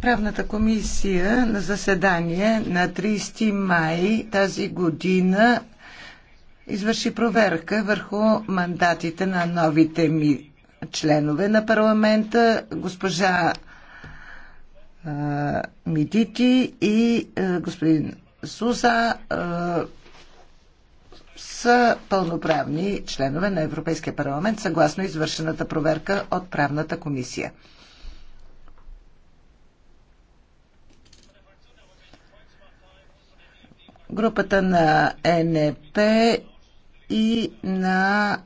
Правната комисия на заседание на 30 май тази година извърши проверка върху мандатите на новите ми членове на парламента, госпожа а, Мидити и а, господин Суза а, са пълноправни членове на Европейския парламент, съгласно извършената проверка от правната комисия. групата на НП и на